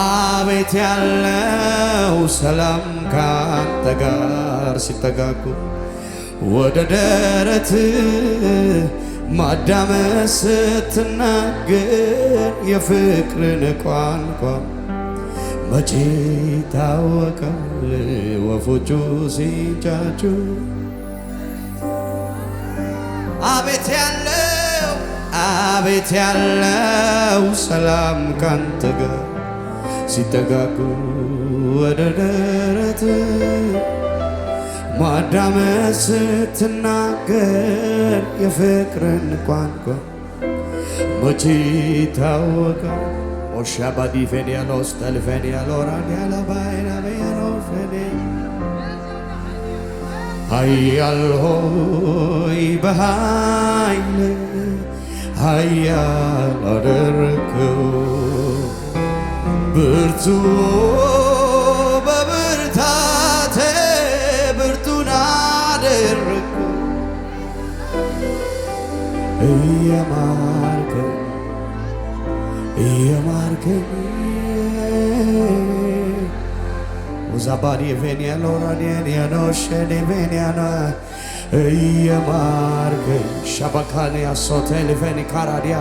አቤት ያለው ሰላም ካንተ ጋር ሲተጋጉ! ወደ ደረት ማዳመስ ስትናገር የፍቅርን ቋንቋ መቼ ታወቃል ወፎቹ ሲንጫጩ አቤት ያለው አቤት ያለው ሰላም ካንተ ጋር ሲጠጋጉ ወደ ደረት ማዳመጥ ስትናገር የፍቅርን ቋንቋ መቼ ይታወቃል። ኦሻ ባዲፌን ያሎስ ተልፌን ያሎራን ያለባይናቤያኖፌኔ ኃያል ሆይ በኃይል ኃያል አደረግ ብርቱ በብርታቴ ብርቱን አደረግኩ እየማርከኝ እየማርከኝ ዛባዲ ቬንያኖ ራዲያንያኖ ሸዴቬንያኖ እየማርከኝ ሸበካንያ ሶቴልቬኒካራዲያ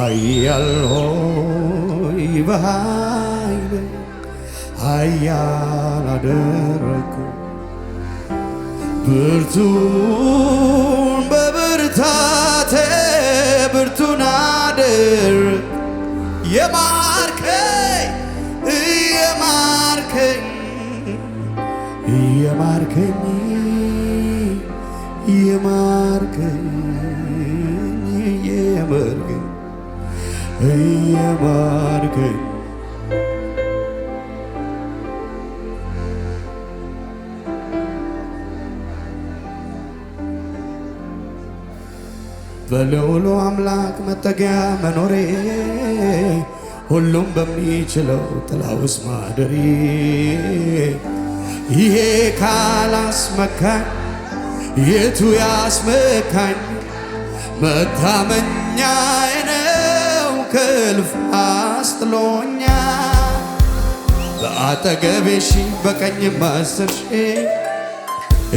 ኃያል ሆይ በኃይል ኃያል አደረግኩ ብርቱን በብርታቴ ብርቱን አደረግ የማርከኝ እየማርከኝ እየማርከኝ እየማርከኝ እየማርከኝ በልዑሉ አምላክ መጠጊያ መኖሬ ሁሉም በሚችለው ጥላ ውስጥ ማደሬ ይሄ ካላስመካኝ የቱ ያስመካኝ መታመኛ ክልፍ አስጥሎኛ በአጠገቤ ሺህ በቀኝ አስር ሺህ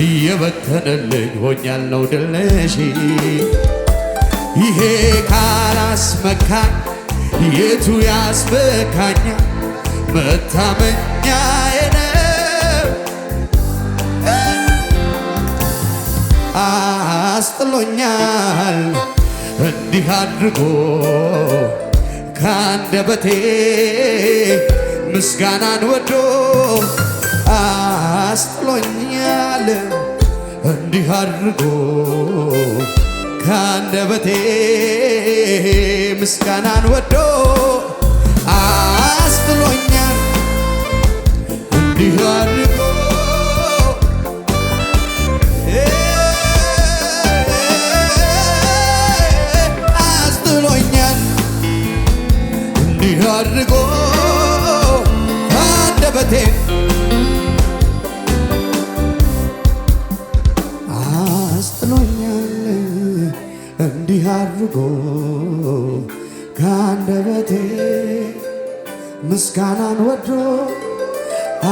እየበተነልኝ ሆኛለሁ ድለሽ ይሄ ካላስመካኝ የቱ ያስበካኛ መታመኛ አስጥሎኛል እንዲህ አድርጎ ከአንደበቴ ምስጋናን ወዶ አስጥሎኛል። እንዲህ አድርጎ ከአንደበቴ ምስጋናን ወዶ አስጥሎኛል። እንዲህ አድርጎ አብቦ ከአንደበቴ ምስጋናን ወዶ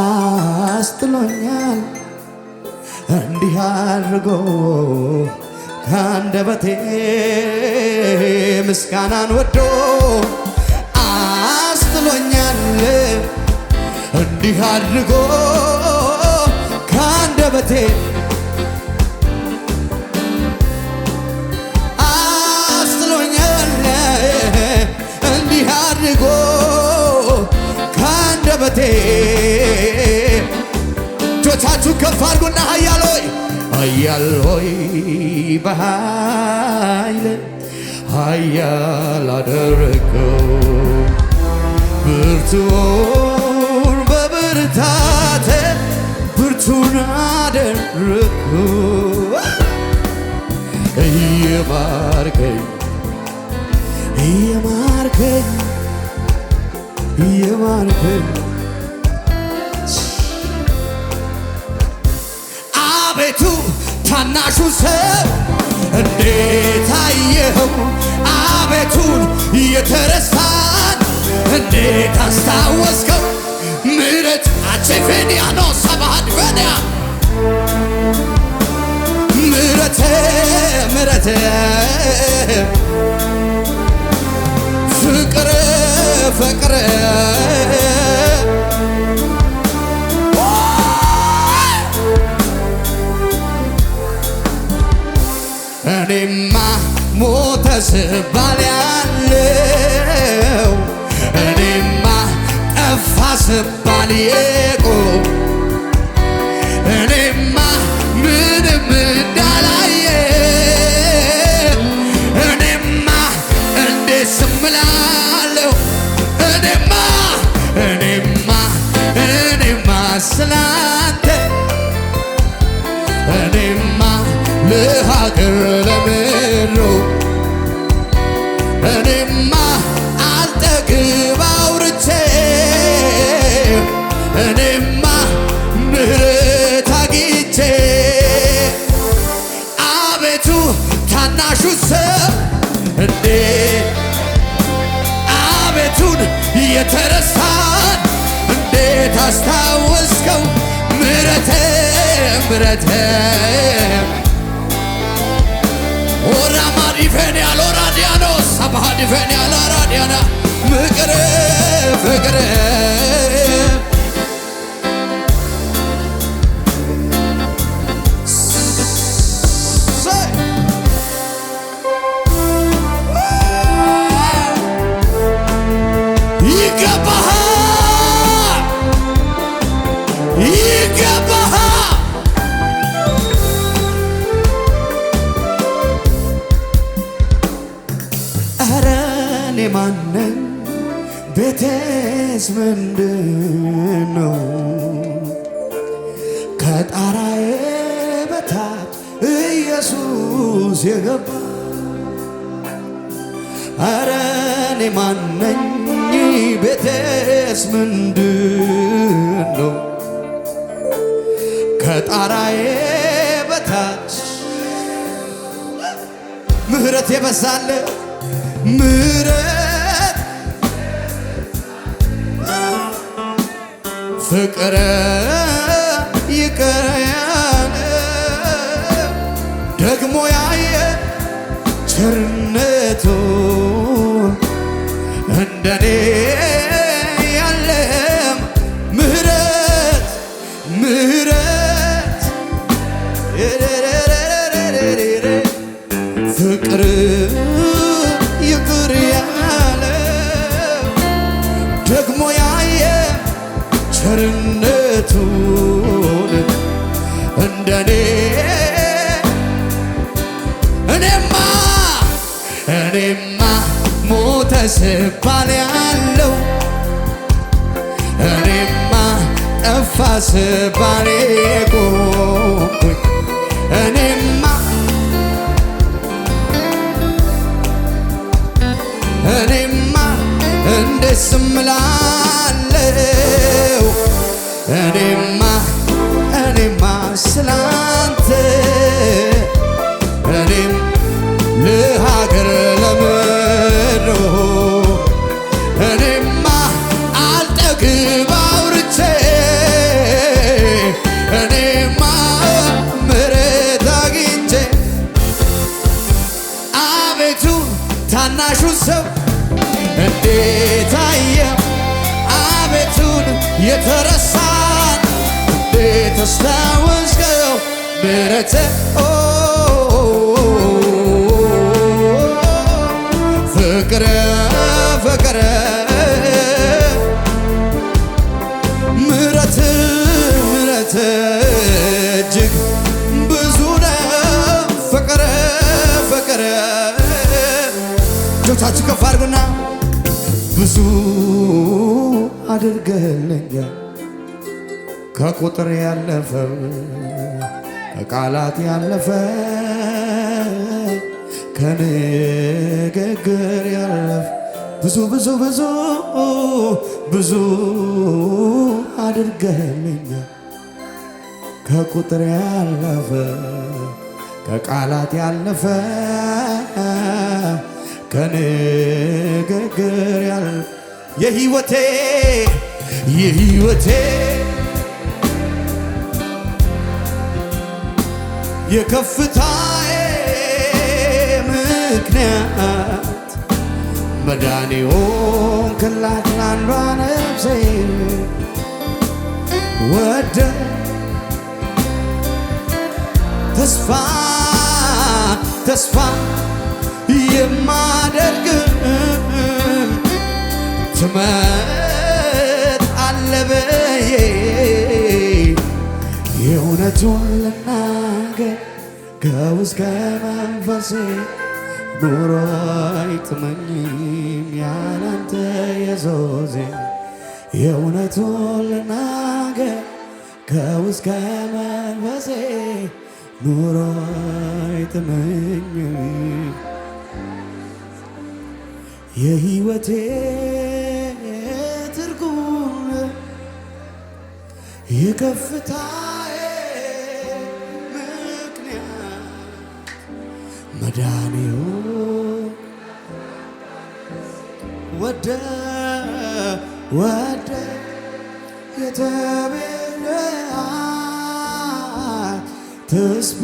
አስጥሎኛል እንዲህ አድርጎ ከአንደበቴ ምስጋናን ወዶ አስጥሎኛል እንዲህ አድርጎ ከአንደበቴ አድርጎ ካንደበቴ እጆቻችሁ ከፍ አድርጉና ኃያል ሆይ በኃይል ኃያል አደረገው ብርቱን በብርታተ ብርቱን አደረገው እየማርከኝ እየማርከኝ የማልከኝ አቤቱ ታናሹ ሰው እንዴት አየኸው? አቤቱን እየተረሳን እንዴት አስታወስከው? ምረት አቼፌንያ ነው ሰባድ በንያ ምረተ ምረተ ፍቅር እኔማ ሞተ ስባል ያለው እኔማ ጠፋ ስባል የቆ ለሀገር ለምድሩ እኔማ አልጠግብ አውርቼ እኔማ ምህረት አግኝቼ አቤቱ ታናሹ ሰው እንዴ አቤቱን የተረሳን እንዴት አስታወስከው ምረተ ምረተ ባህድፈን ያላራዲያና ምቅር ፍቅር ማነኝ? ቤቴስ ምንድን ከጣራዬ በታች ኢየሱስ የገባ አረ እኔ ማነኝ? ቤቴስ ምንድን ነው? ከጣራዬ በታች ምህረት የበዛለ ምህረት ፍቅረ ይቀረያል ደግሞ ያየ ቸርነቱ እንደኔ እንኳን ያለው እኔማ ጠፋ ስባሬ ቆኩኝ እኔማ እኔማ እንደ ስምላለው እኔማ ተስታወስከው ምረት ፍቅረ ፍቅረ ምረት ምረት እጅግ ብዙ ነው ፍቅረ ፍቅረ እጆቻችሁ ከፍ አድርጉና ብዙ አድርገህልኛል ከቁጥር ያለፈ ከቃላት ያለፈ ከንግግር ያለፈ ብዙ ብዙ ብዙ ብዙ አድርገህልኛል ከቁጥር ያለፈ ከቃላት ያለፈ ከንግግር ያለፈ የህይወቴ የህይወቴ የከፍታዬ ምክንያት መዳኔውን ክላት ላንዷ ነፍሴ ወደ ተስፋ ተስፋ የማደርግ ትመጣለህ ብዬ የእውነቱን ከው እስከ መንፈሴ ኑሮ አይጥመኝም ያላንተ የዞዜ የእውነቱን ልናገር ከው መንፈሴ ኑሮ አይጥመኝም የህይወቴ ትርጉም የከፍታ መዳን ወደ ወደ የተቤለ ተስፋ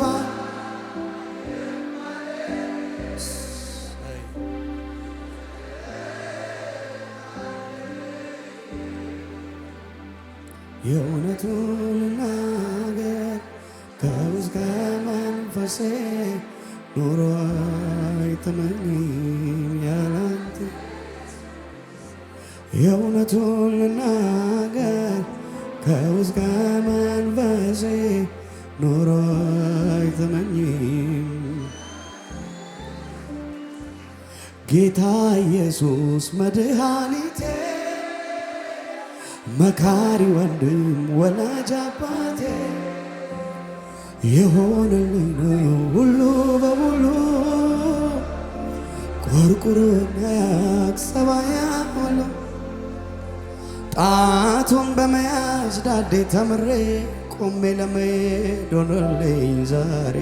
ኢየሱስ መድኃኒቴ መካሪ ወንድም ወላጅ አባቴ የሆነልኝ ነው ሁሉ በሙሉ ቆርቁሮና ሰባያ ሙሉ ጣቱን በመያዝ ዳዴ ተምሬ ቆሜ ለመሄድ ሆኖልኝ ዛሬ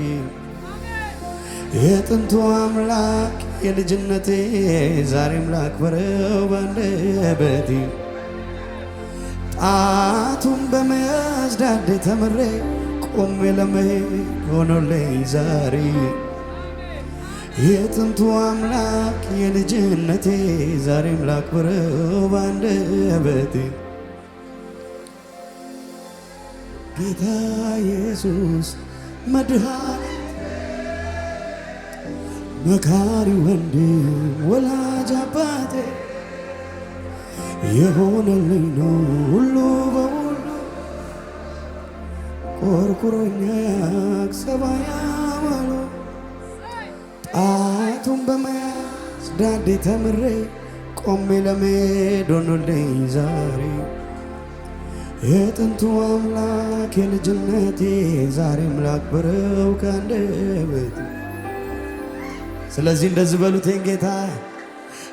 የጥንቱ አምላክ የልጅነቴ ዛሬም ላክበረው ላክብረው ባለበት ጣቱን በመያዝዳድ ተምሬ ቆሜ ለመሄድ ሆኖልኝ ዛሬ የጥንቱ አምላክ የልጅነቴ ዛሬም ላክብረው ባንደበቴ ጌታ ኢየሱስ መድኃኔ መካሪ ወንድም ወላጅ አባቴ የሆነልኝ ነው ሁሉ በሁሉ ቆርቁሮኛ ሰባያ ዋሎ ጣቱን በመያዝ ዳዴ ተምሬ ቆሜ ለመሄድ ሆኖልኝ ዛሬ የጥንቱ አምላክ የልጅነቴ ምላክ ብረው ከአንደበቴ ስለዚህ እንደዚህ በሉቴን ጌታ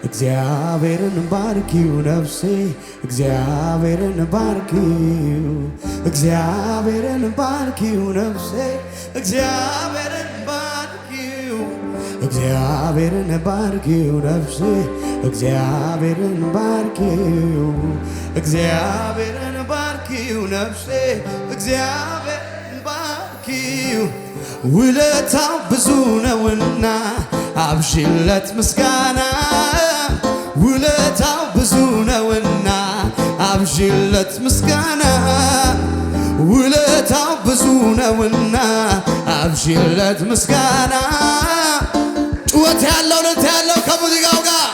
እግዚአብሔርን ባርኪው ነፍሴ እግዚአብሔርን ባርኪው እግዚአብሔርን ባርኪው ነፍሴ እግዚአብሔርን ባርኪው እግዚአብሔርን ባርኪው ነፍሴ እግዚአብሔርን ባርኪው እግዚአብሔርን ባርኪው ነፍሴ እግዚአብሔርን ባርኪው ውለታ ብዙ ነውና አብሽለት ምስጋና ውለታው ብዙ ነውና አብሽለት ምስጋና ውለታው ብዙ ነውና አብሽለት ምስጋና ጩወት ያለው ነት ያለው ከሙዚቃው ጋር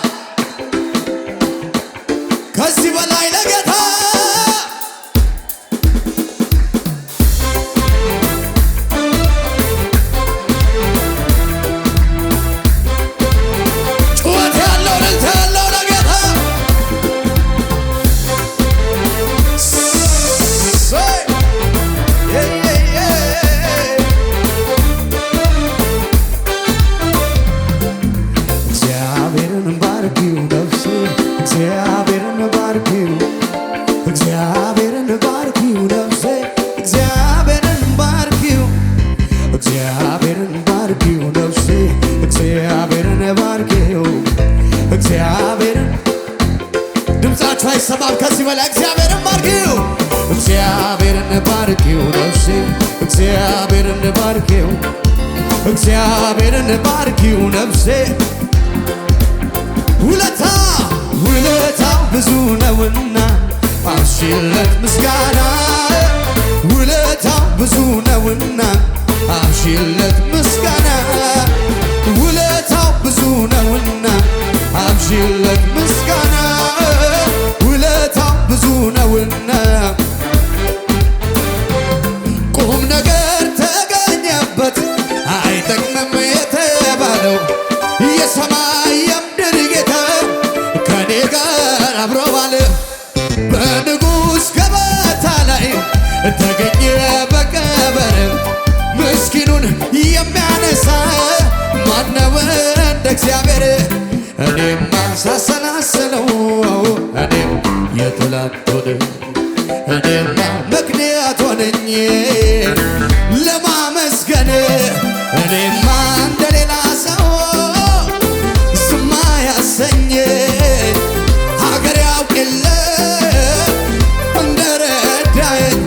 እግዚአብሔርን ባርኪው እግዚአብሔርን ባርኪው ነፍሴ እግዚአብሔርን ባርኪው እግዚአብሔርን ባርኪው ነፍሴ እግዚአብሔርን ባርኪው እግዚአብሔርን ድምፃችሁ አይሰማም ከዚህ በላይ እግዚአብሔርን ባርኪው እግዚአብሔርን ባርኪው ነፍሴ እግዚአብሔርን ባርኪው እግዚአብሔርን ባርኪው ነፍሴ ሁለት ብዙ ነውና አሽለት ምስጋና ውለታ ብዙ ነውና አብሽለት ስላልሆነ እኔማ ምክንያት ሆነኝ ለማመስገን እኔማ እንደሌላ ሰው ስማ ያሰኝ ሀገር ያውቅለ እንደረዳኝ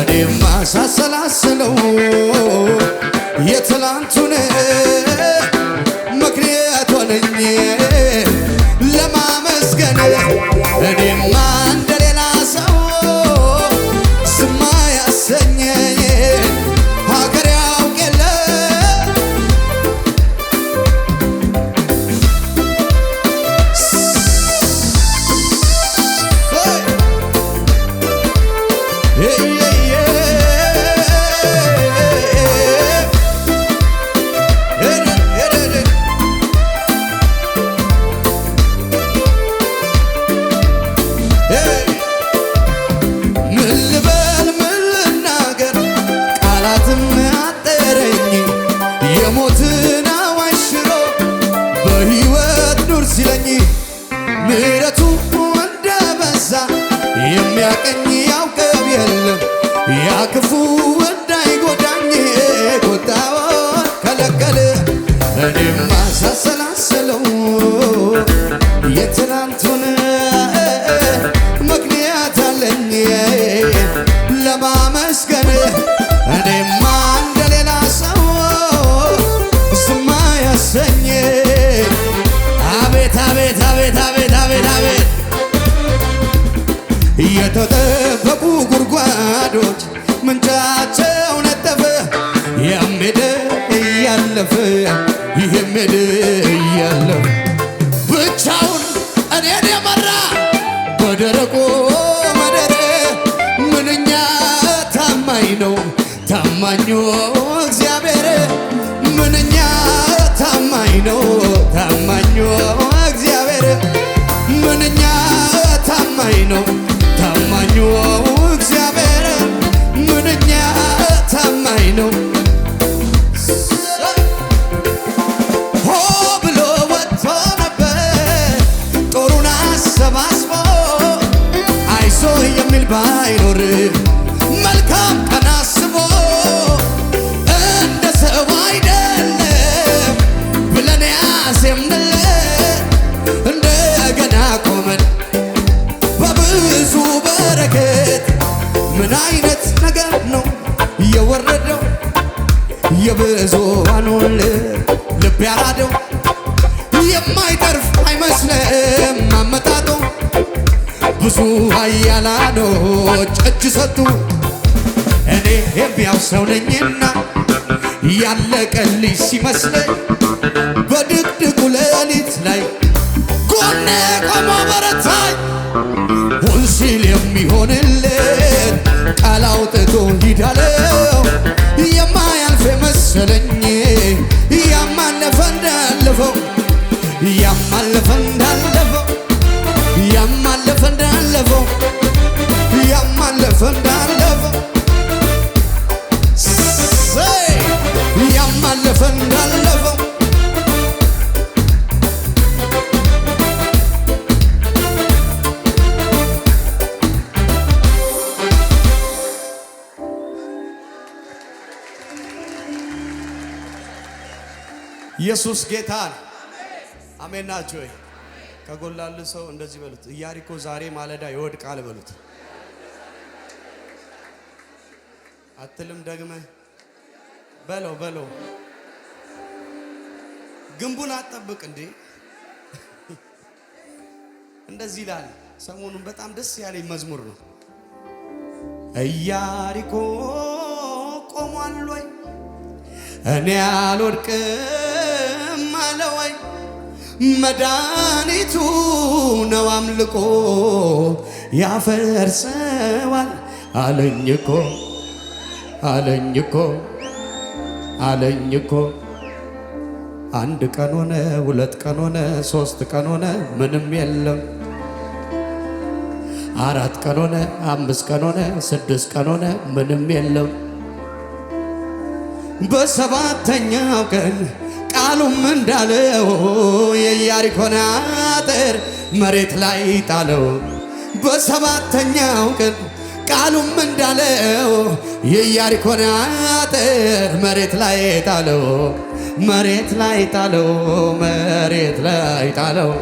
እኔማ ሳሰላስለው የትላንቱን ምክንያት ሆነኝ ለማመስገን እኔማ give ያው ሰው ነኝና ያለቀልኝ ሲመስለኝ በድቅድቁ ሌሊት ላይ ጎኔ ቆሞ በረታኝ ሁንሲል የሚሆንልን ቃል አውጥቶ ሂዳለው የማያልፍ መሰለኝ ኢየሱስ ጌታ ነው። አሜን ናችሁ ወይ? ከጎላል ሰው እንደዚህ በሉት፣ ኢያሪኮ ዛሬ ማለዳ ይወድቃል በሉት። አትልም ደግመህ በለው በለው። ግንቡን አጠብቅ እንዴ! እንደዚህ ይላል። ሰሞኑን በጣም ደስ ያለኝ መዝሙር ነው። እያሪኮ ቆሟል ወይ? እኔ አልወድቅም መድኃኒቱ ነው አምልኮ ያፈርሰዋል። አለኝኮ አለኝኮ አለኝኮ አንድ ቀን ሆነ፣ ሁለት ቀን ሆነ፣ ሶስት ቀን ሆነ፣ ምንም የለም። አራት ቀን ሆነ፣ አምስት ቀን ሆነ፣ ስድስት ቀን ሆነ፣ ምንም የለም። በሰባተኛው ቀን ቃሉም እንዳለው የኢያሪኮን አጥር መሬት ላይ ጣለው። በሰባተኛው ቀን ቃሉም እንዳለው የኢያሪኮን አጥር መሬት ላይ ጣለው፣ መሬት ላይ ጣለው፣ መሬት ላይ ጣለው፣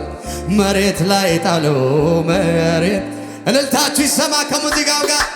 መሬት ላይ ጣለው። መሬት እልልታችሁ ይሰማ ከሙዚቃው ጋር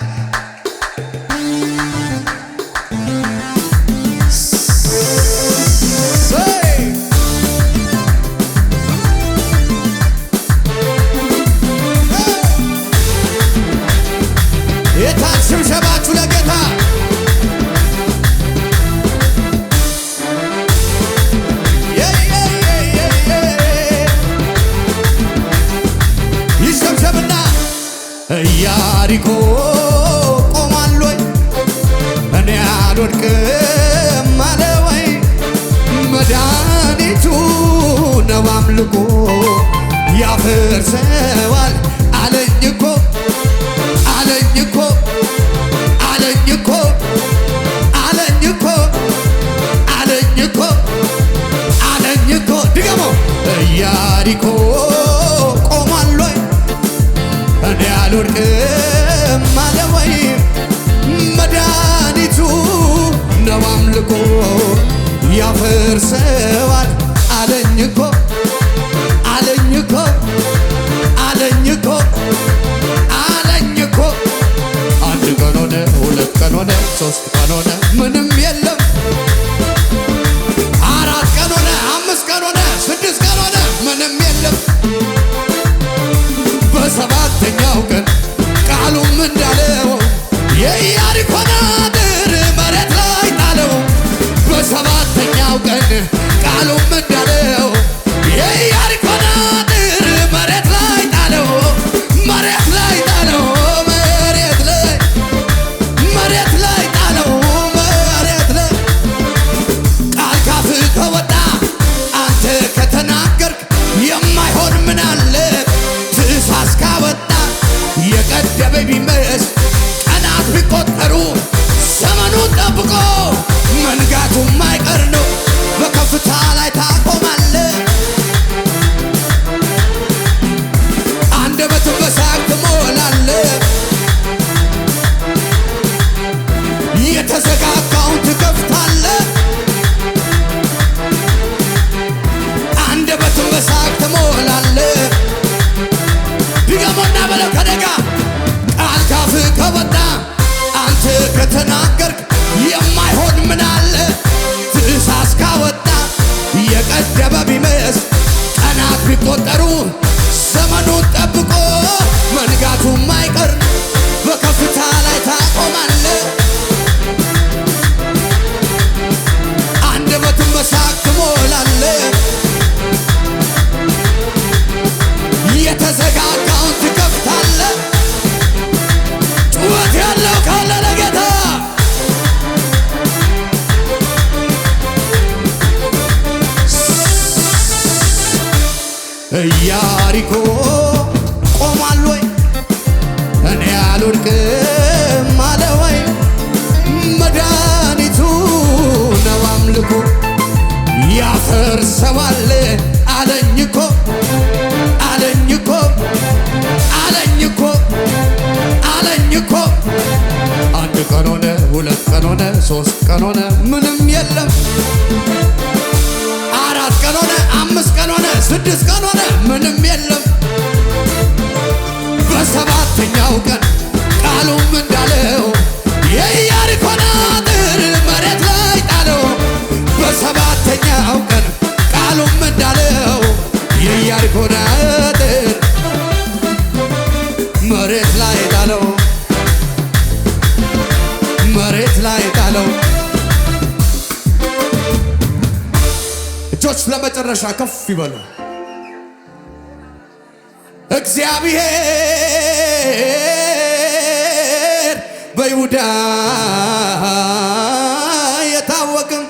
ኢያሪኮ ቆማል እኔ አልወድቅም አለ ወይ መድኃኒቱ ነው አምልኮ ያፈርሰዋል አለኝ እኮ አለኝ እኮ አለኝ እኮ አለኝ እኮ አለኝ እኮ አለኝ እኮ ድገሞ ኢያሪኮ አልወድቅም አለ ወይ መድኃኒቱ ነው አምልኮ ያፈርሰዋል አለኝ እኮ አለኝ እኮ አለኝ እኮ አለኝ እኮ አንድ ቀን ሆነ ሁለት ቀን ሆነ ሶስት ቀን ሆነ ምንም የለ መጨረሻ ከፍ ይበሉ። እግዚአብሔር በይሁዳ የታወቅም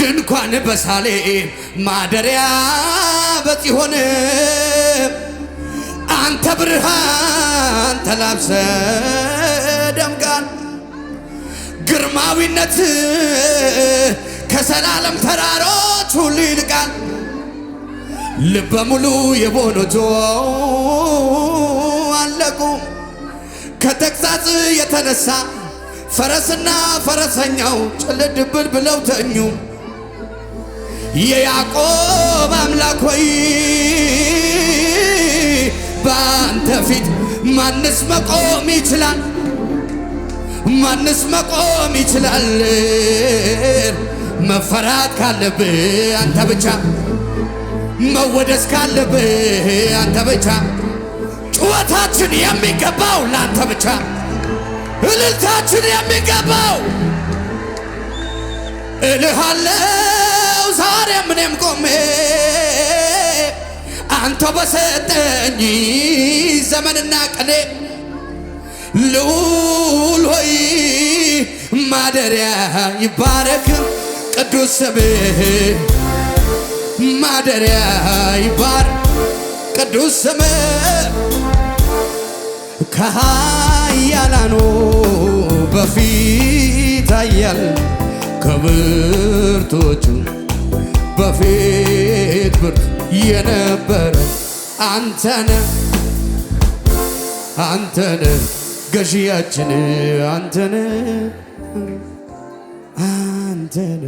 ድንኳን በሳሌም ማደሪያ በጽሆን አንተ ብርሃን ተላብሰ ደምቃን ግርማዊነት ከሰላለም ተራሮች ሁሉ ይልቃል ልበ ሙሉ የቦኖጆ አለቁ። ከተግሳጽ የተነሳ ፈረስና ፈረሰኛው ጭልድብል ብለው ተኙ። የያዕቆብ አምላክ ሆይ በአንተ ፊት ማንስ መቆም ይችላል? ማንስ መቆም ይችላል? መፈራት ካለብህ አንተ ብቻ፣ መወደስ ካለብህ አንተ ብቻ፣ ጩኸታችን የሚገባው ለአንተ ብቻ፣ እልልታችን የሚገባው እልሃለው ዛሬ ምንም ቆሜ አንተ በሰጠኝ ዘመንና ቀኔ ልዑል ሆይ ማደሪያ ይባረክ ቅዱስ ስምህ ማደሪያ ይባር ቅዱስ ስምህ ከኃያላኑ በፊት ኃያል ከብርቶቹ በፊት ብርቱ የነበረ አንተነ አንተነ ገዢያችን አንተነ አንተን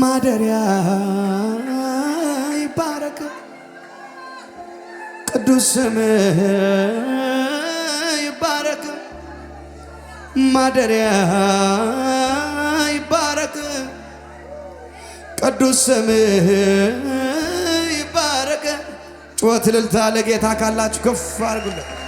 ማደሪያ ይባረክ ቅዱስ ስምህ ይባረክ ማደሪያ ይባረክ ቅዱስ ስምህ ይባረክ ጩኸት እልልታ ለጌታ ካላችሁ ከፍ አድርጉለት